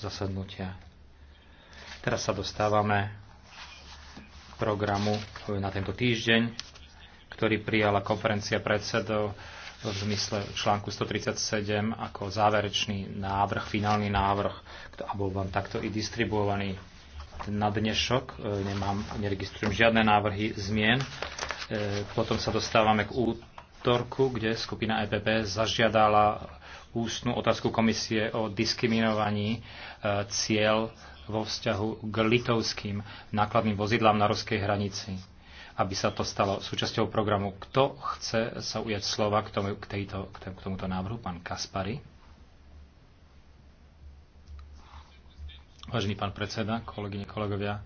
zasadnutia. Teraz sa dostávame k programu na tento týždeň, ktorý prijala konferencia predsedov v zmysle článku 137 ako záverečný návrh, finálny návrh, a bol vám takto i distribuovaný na dnešok. E, nemám, neregistrujem žiadne návrhy zmien. E, potom sa dostávame k útorku, kde skupina EPP zažiadala ústnu otázku komisie o diskriminovaní e, cieľ vo vzťahu k litovským nákladným vozidlám na ruskej hranici, aby sa to stalo súčasťou programu. Kto chce sa ujať slova k, tomu, k, tejto, k tomuto návrhu? Pán Kaspari. Vážený pán predseda, kolegyne, kolegovia,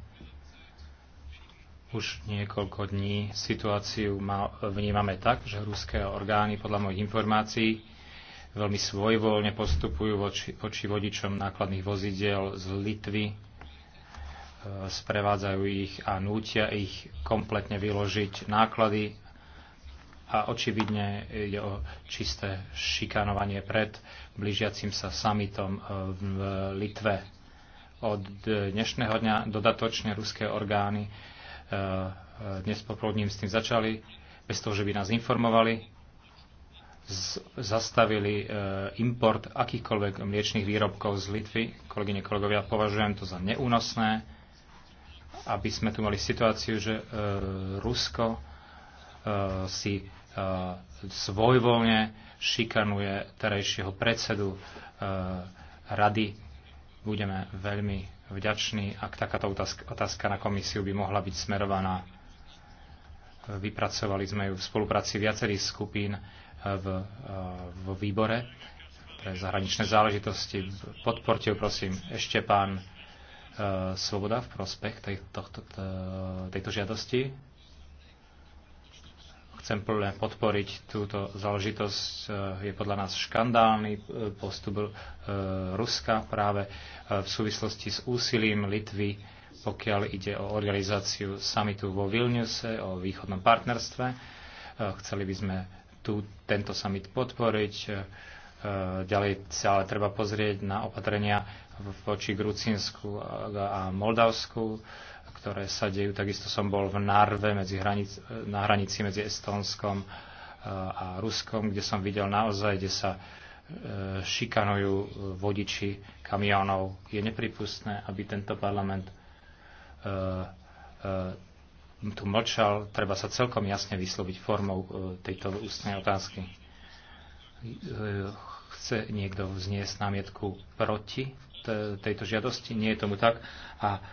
už niekoľko dní situáciu vnímame tak, že ruské orgány, podľa mojich informácií, veľmi svojvoľne postupujú voči, voči vodičom nákladných vozidiel z Litvy, e, sprevádzajú ich a nútia ich kompletne vyložiť náklady a očividne ide o čisté šikanovanie pred blížiacim sa samitom e, v Litve. Od dnešného dňa dodatočne ruské orgány e, dnes popoludním s tým začali, bez toho, že by nás informovali zastavili e, import akýchkoľvek mliečných výrobkov z Litvy. Kolegyne, kolegovia, považujem to za neúnosné, aby sme tu mali situáciu, že e, Rusko e, si svojvoľne šikanuje terajšieho predsedu rady. Budeme veľmi vďační, ak takáto otázka na komisiu by mohla byť smerovaná Vypracovali sme ju v spolupráci viacerých skupín e, v, e, v výbore pre zahraničné záležitosti. Podporte ju, prosím, ešte pán e, Svoboda v prospech tej, tohto, tejto žiadosti. Chcem plne podporiť túto záležitosť. Je podľa nás škandálny postup Ruska práve v súvislosti s úsilím Litvy pokiaľ ide o organizáciu samitu vo Vilniuse, o východnom partnerstve. E, chceli by sme tu, tento summit podporiť. E, ďalej sa ale treba pozrieť na opatrenia voči Grucinsku a Moldavsku, ktoré sa dejú. Takisto som bol v Narve medzi hranic, na hranici medzi Estónskom e, a Ruskom, kde som videl naozaj, kde sa šikanujú vodiči kamionov. Je nepripustné, aby tento parlament E, e, tu mlčal, treba sa celkom jasne vysloviť formou e, tejto ústnej otázky. Chce niekto vzniesť námietku proti tejto žiadosti? Nie je tomu tak a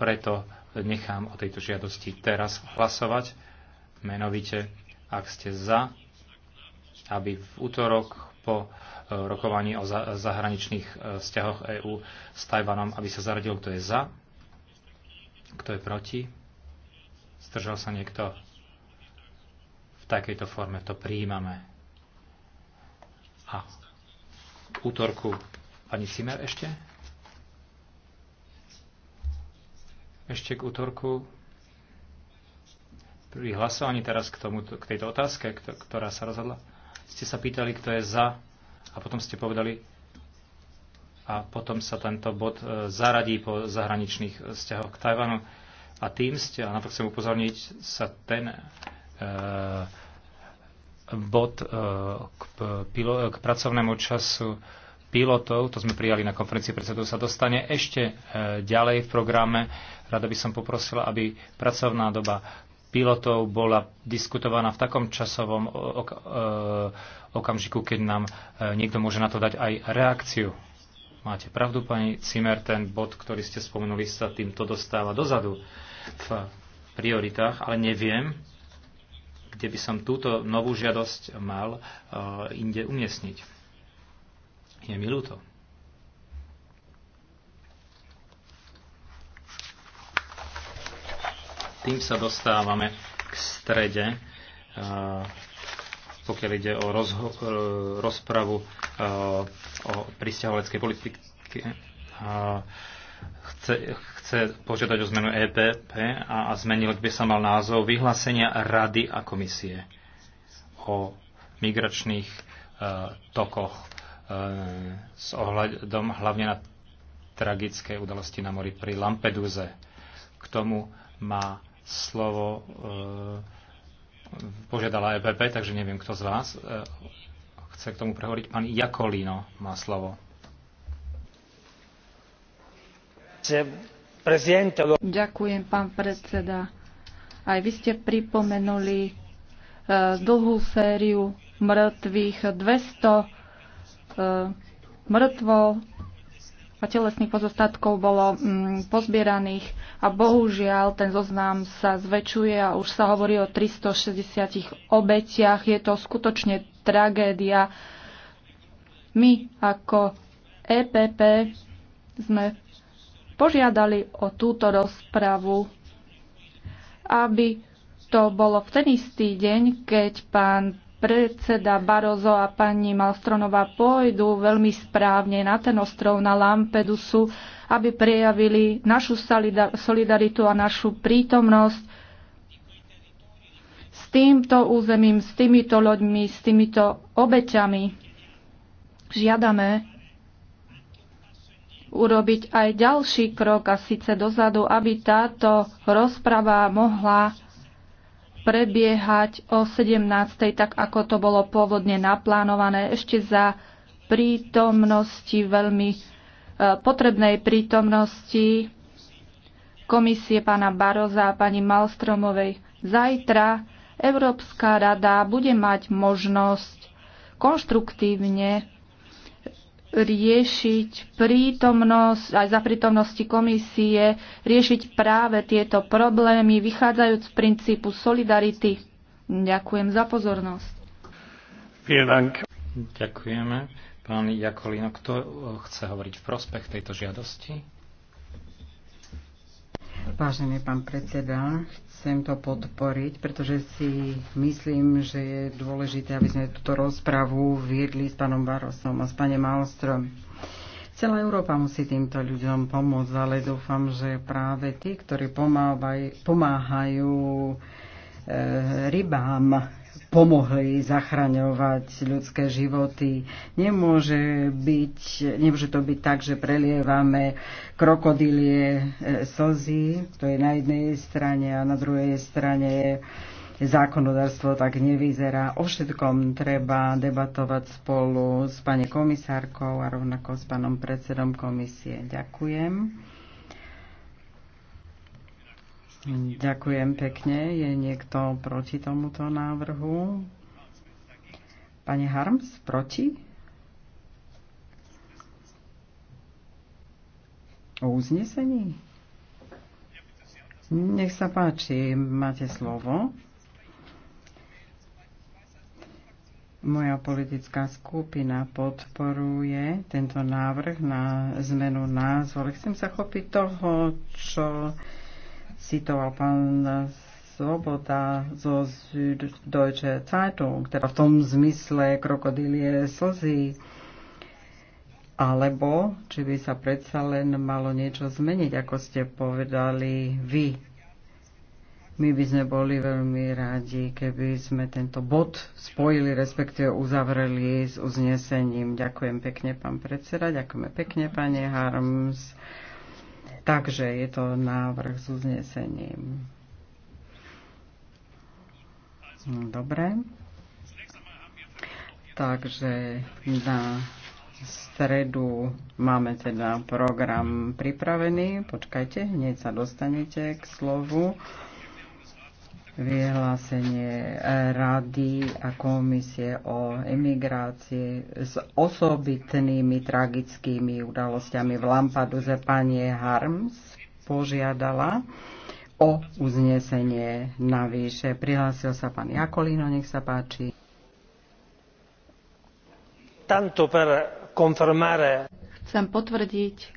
preto nechám o tejto žiadosti teraz hlasovať. Menovite, ak ste za, aby v útorok po rokovaní o zahraničných vzťahoch EÚ s Tajvanom, aby sa zaradil, kto je za, kto je proti? Zdržal sa niekto? V takejto forme to prijímame. A k útorku pani Simer ešte? Ešte k útorku pri hlasovaní teraz k, tomu k tejto otázke, ktorá sa rozhodla, ste sa pýtali, kto je za a potom ste povedali, a potom sa tento bod e, zaradí po zahraničných e, vzťahoch k Tajvanu. A tým ste, a na to chcem upozorniť, sa ten e, bod e, k, pilo, k pracovnému času pilotov, to sme prijali na konferencii predsedov, sa dostane ešte e, ďalej v programe. Rada by som poprosila, aby pracovná doba pilotov bola diskutovaná v takom časovom ok, e, okamžiku, keď nám niekto môže na to dať aj reakciu. Máte pravdu, pani Cimer, ten bod, ktorý ste spomenuli, sa týmto dostáva dozadu v prioritách, ale neviem, kde by som túto novú žiadosť mal uh, inde umiestniť. Je mi ľúto. Tým sa dostávame k strede uh, pokiaľ ide o rozho- e, rozpravu e, o pristahovaleckej politike. E, chce, chce požiadať o zmenu EPP a, a zmenil by sa mal názov vyhlásenia Rady a komisie o migračných e, tokoch e, s ohľadom hlavne na tragické udalosti na mori pri Lampeduze. K tomu má slovo e, požiadala EPP, takže neviem, kto z vás e, chce k tomu prehovoriť. Pán Jakolino má slovo. Ďakujem, pán predseda. Aj vy ste pripomenuli e, dlhú sériu mŕtvych, 200 e, mŕtvo a telesných pozostatkov bolo mm, pozbieraných a bohužiaľ ten zoznam sa zväčšuje a už sa hovorí o 360 obetiach. Je to skutočne tragédia. My ako EPP sme požiadali o túto rozpravu, aby to bolo v ten istý deň, keď pán predseda Barozo a pani Malstronová pôjdu veľmi správne na ten ostrov, na Lampedusu, aby prejavili našu solidaritu a našu prítomnosť s týmto územím, s týmito loďmi, s týmito obeťami. Žiadame urobiť aj ďalší krok a síce dozadu, aby táto rozprava mohla prebiehať o 17. tak ako to bolo pôvodne naplánované, ešte za prítomnosti, veľmi e, potrebnej prítomnosti komisie pána Baroza a pani Malstromovej. Zajtra Európska rada bude mať možnosť konštruktívne riešiť prítomnosť, aj za prítomnosti komisie, riešiť práve tieto problémy, vychádzajúc z princípu solidarity. Ďakujem za pozornosť. Ďakujeme. Pán Jakolino, kto eh, chce hovoriť v prospech tejto žiadosti? Vážený pán predseda, chcem to podporiť, pretože si myslím, že je dôležité, aby sme túto rozpravu viedli s pánom Barosom a s pánom Malstrom. Celá Európa musí týmto ľuďom pomôcť, ale dúfam, že práve tí, ktorí pomáhajú, pomáhajú eh, e, rybám, pomohli zachraňovať ľudské životy. Nemôže, byť, nemôže to byť tak, že prelievame krokodílie e, slzy, to je na jednej strane a na druhej strane zákonodárstvo tak nevyzerá. O všetkom treba debatovať spolu s pani komisárkou a rovnako s pánom predsedom komisie. Ďakujem. Ďakujem pekne. Je niekto proti tomuto návrhu? Pani Harms, proti? O uznesení? Nech sa páči, máte slovo. Moja politická skupina podporuje tento návrh na zmenu názvu. Chcem sa chopiť toho, čo citoval pán Svoboda zo Deutsche Zeitung, teda v tom zmysle krokodílie slzy, alebo či by sa predsa len malo niečo zmeniť, ako ste povedali vy. My by sme boli veľmi rádi, keby sme tento bod spojili, respektíve uzavreli s uznesením. Ďakujem pekne, pán predseda, ďakujeme pekne, pane Harms. Takže je to návrh s uznesením. Dobre. Takže na stredu máme teda program pripravený. Počkajte, hneď sa dostanete k slovu vyhlásenie rady a komisie o emigrácii s osobitnými tragickými udalosťami v lampadu, že pani Harms požiadala o uznesenie navýše. Prihlásil sa pán Jakolino, nech sa páči. Tanto per confermare. Chcem potvrdiť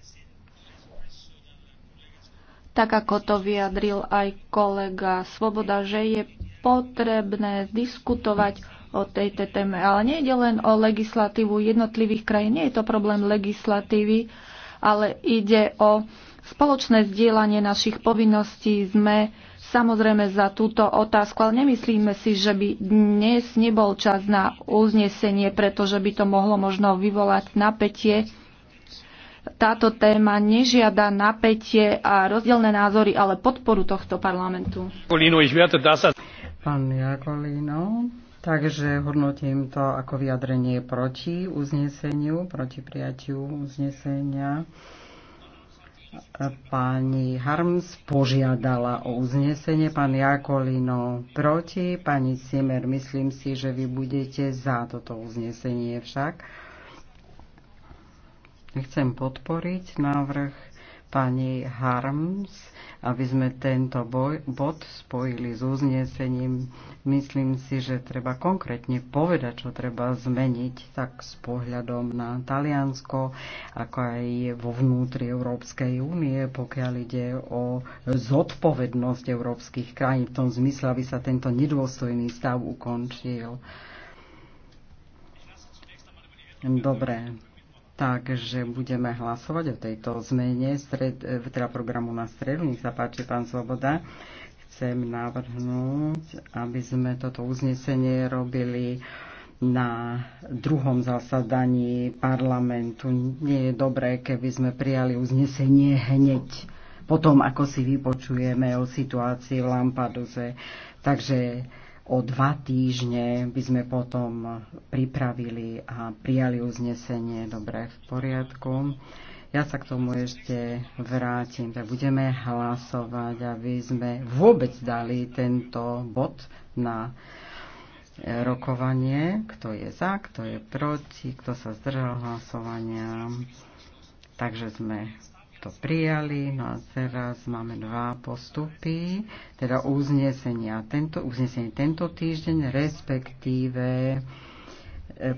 tak ako to vyjadril aj kolega Svoboda, že je potrebné diskutovať o tejto téme. Ale nie ide len o legislatívu jednotlivých krajín, nie je to problém legislatívy, ale ide o spoločné zdieľanie našich povinností. Sme samozrejme za túto otázku, ale nemyslíme si, že by dnes nebol čas na uznesenie, pretože by to mohlo možno vyvolať napätie táto téma nežiada napätie a rozdielne názory, ale podporu tohto parlamentu. Pán Jakolino, takže hodnotím to ako vyjadrenie proti uzneseniu, proti prijatiu uznesenia. Pani Harms požiadala o uznesenie, pán Jakolino proti, pani Simer, myslím si, že vy budete za toto uznesenie však. Chcem podporiť návrh pani Harms, aby sme tento boj, bod spojili s uznesením. Myslím si, že treba konkrétne povedať, čo treba zmeniť, tak s pohľadom na Taliansko, ako aj vo vnútri Európskej únie, pokiaľ ide o zodpovednosť európskych krajín v tom zmysle, aby sa tento nedôstojný stav ukončil. Dobre, Takže budeme hlasovať o tejto zmene stred, e, teda programu na stredu. Nech sa páči, pán Svoboda. Chcem navrhnúť, aby sme toto uznesenie robili na druhom zasadaní parlamentu. Nie je dobré, keby sme prijali uznesenie hneď potom, ako si vypočujeme o situácii v Lampaduze. Takže o dva týždne by sme potom pripravili a prijali uznesenie. Dobre, v poriadku. Ja sa k tomu ešte vrátim. Tak budeme hlasovať, aby sme vôbec dali tento bod na rokovanie. Kto je za, kto je proti, kto sa zdržal hlasovania. Takže sme to prijali. No a teraz máme dva postupy, teda uznesenia tento, uznesenie tento týždeň, respektíve e,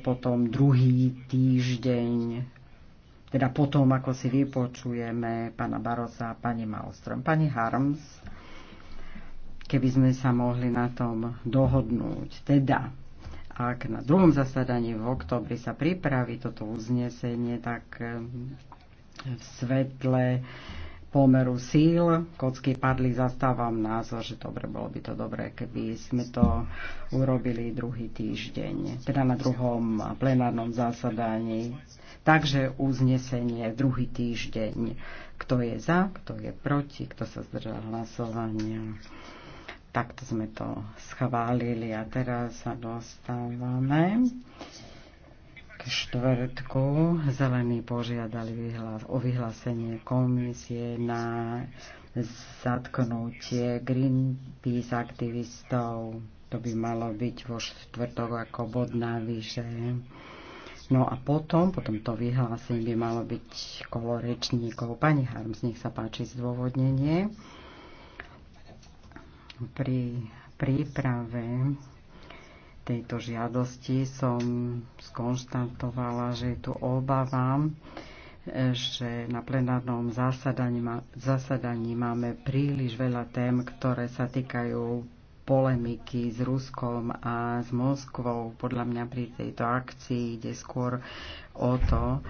potom druhý týždeň, teda potom, ako si vypočujeme pána Barosa a pani Malstrom. Pani Harms, keby sme sa mohli na tom dohodnúť, teda ak na druhom zasadaní v oktobri sa pripraví toto uznesenie, tak e, v svetle pomeru síl. Kocky padli, zastávam názor, že dobre, bolo by to dobré, keby sme to urobili druhý týždeň, teda na druhom plenárnom zasadaní. Takže uznesenie druhý týždeň. Kto je za, kto je proti, kto sa zdržal hlasovania. Takto sme to schválili a teraz sa dostávame štvrtku zelení požiadali o vyhlásenie komisie na zatknutie Greenpeace aktivistov. To by malo byť vo štvrtok ako bod navyše. No a potom, potom to vyhlásenie by malo byť kolo rečníkov. Pani Harms, nech sa páči zdôvodnenie. Pri príprave tejto žiadosti som skonštantovala, že je tu obava, e, že na plenárnom zasadaní, zasadaní máme príliš veľa tém, ktoré sa týkajú polemiky s Ruskom a s Moskvou. Podľa mňa pri tejto akcii ide skôr o to,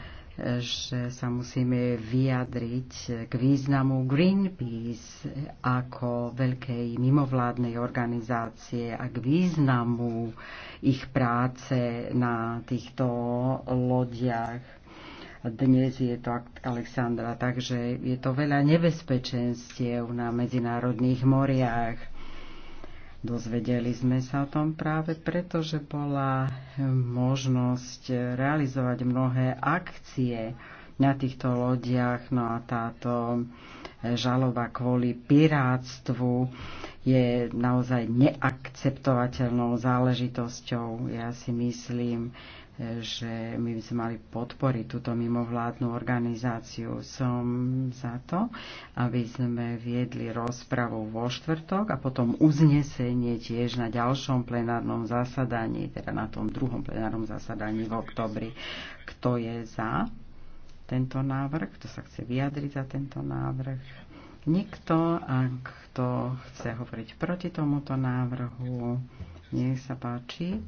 že sa musíme vyjadriť k významu Greenpeace ako veľkej mimovládnej organizácie a k významu ich práce na týchto lodiach dnes je to Alexandra, takže je to veľa nebezpečenstiev na medzinárodných moriach. Dozvedeli sme sa o tom práve preto, že bola možnosť realizovať mnohé akcie na týchto lodiach. No a táto žaloba kvôli pirátstvu je naozaj neakceptovateľnou záležitosťou. Ja si myslím, že my by sme mali podporiť túto mimovládnu organizáciu. Som za to, aby sme viedli rozpravu vo štvrtok a potom uznesenie tiež na ďalšom plenárnom zasadaní, teda na tom druhom plenárnom zasadaní v oktobri. Kto je za tento návrh? Kto sa chce vyjadriť za tento návrh? Nikto, ak kto chce hovoriť proti tomuto návrhu, nech sa páči.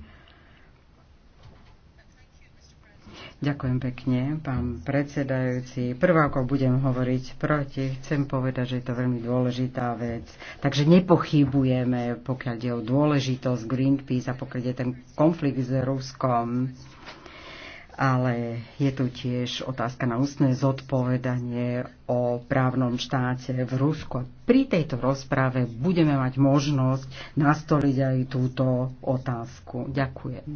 Ďakujem pekne, pán predsedajúci. Prvá, ako budem hovoriť proti, chcem povedať, že je to veľmi dôležitá vec. Takže nepochybujeme, pokiaľ je o dôležitosť Greenpeace a pokiaľ je ten konflikt s Ruskom. Ale je tu tiež otázka na ústne zodpovedanie o právnom štáte v Rusku. Pri tejto rozprave budeme mať možnosť nastoliť aj túto otázku. Ďakujem.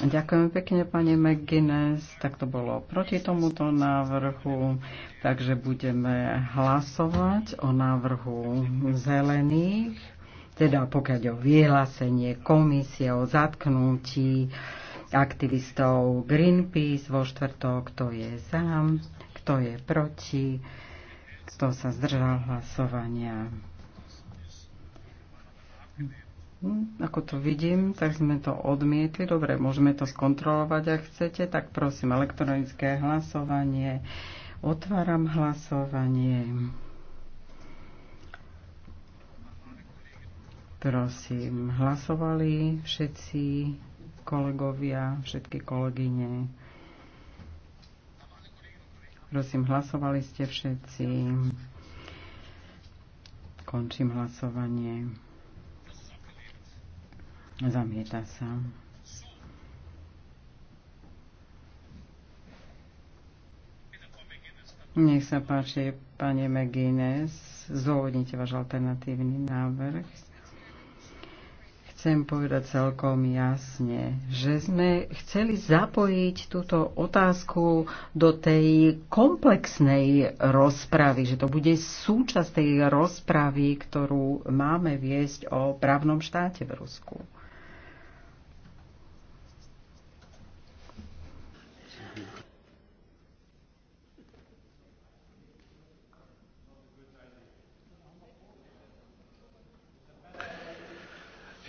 Ďakujem pekne, pani McGuinness. Tak to bolo proti tomuto návrhu, takže budeme hlasovať o návrhu zelených, teda pokiaľ o vyhlásenie komisie o zatknutí aktivistov Greenpeace vo štvrtok, kto je za, kto je proti, kto sa zdržal hlasovania. Hm, ako to vidím, tak sme to odmietli. Dobre, môžeme to skontrolovať, ak chcete. Tak prosím, elektronické hlasovanie. Otváram hlasovanie. Prosím, hlasovali všetci kolegovia, všetky kolegyne. Prosím, hlasovali ste všetci. Končím hlasovanie. Zamieta sa. Nech sa páči, pani McGuinness, zôvodnite váš alternatívny návrh. Chcem povedať celkom jasne, že sme chceli zapojiť túto otázku do tej komplexnej rozpravy, že to bude súčasť tej rozpravy, ktorú máme viesť o právnom štáte v Rusku.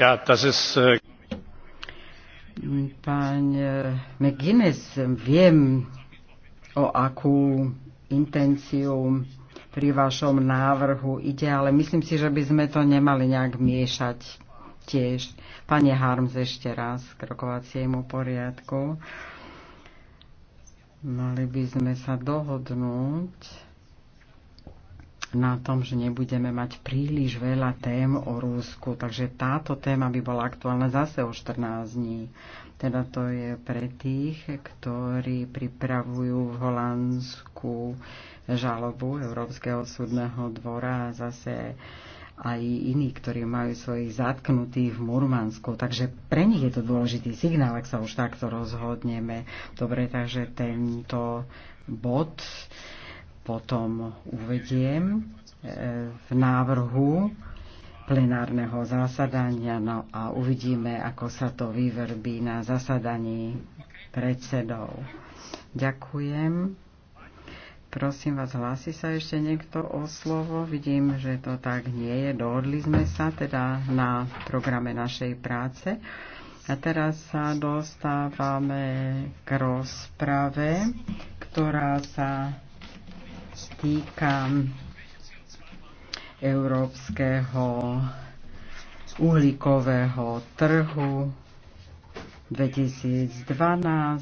Ja, das ist, äh... Pán e, McGuinness, viem, o akú intenciu pri vašom návrhu ide, ale myslím si, že by sme to nemali nejak miešať tiež. Pane Harms ešte raz k rokovaciemu poriadku. Mali by sme sa dohodnúť na tom, že nebudeme mať príliš veľa tém o Rúsku, takže táto téma by bola aktuálna zase o 14 dní. Teda to je pre tých, ktorí pripravujú v Holandsku žalobu Európskeho súdneho dvora a zase aj iní, ktorí majú svojich zatknutých v Murmansku. Takže pre nich je to dôležitý signál, ak sa už takto rozhodneme. Dobre, takže tento bod potom uvediem e, v návrhu plenárneho zasadania no a uvidíme, ako sa to vyverbí na zasadaní predsedov. Ďakujem. Prosím vás, hlási sa ešte niekto o slovo. Vidím, že to tak nie je. Dohodli sme sa teda na programe našej práce. A teraz sa dostávame k rozprave, ktorá sa týka európskeho uhlíkového trhu 2012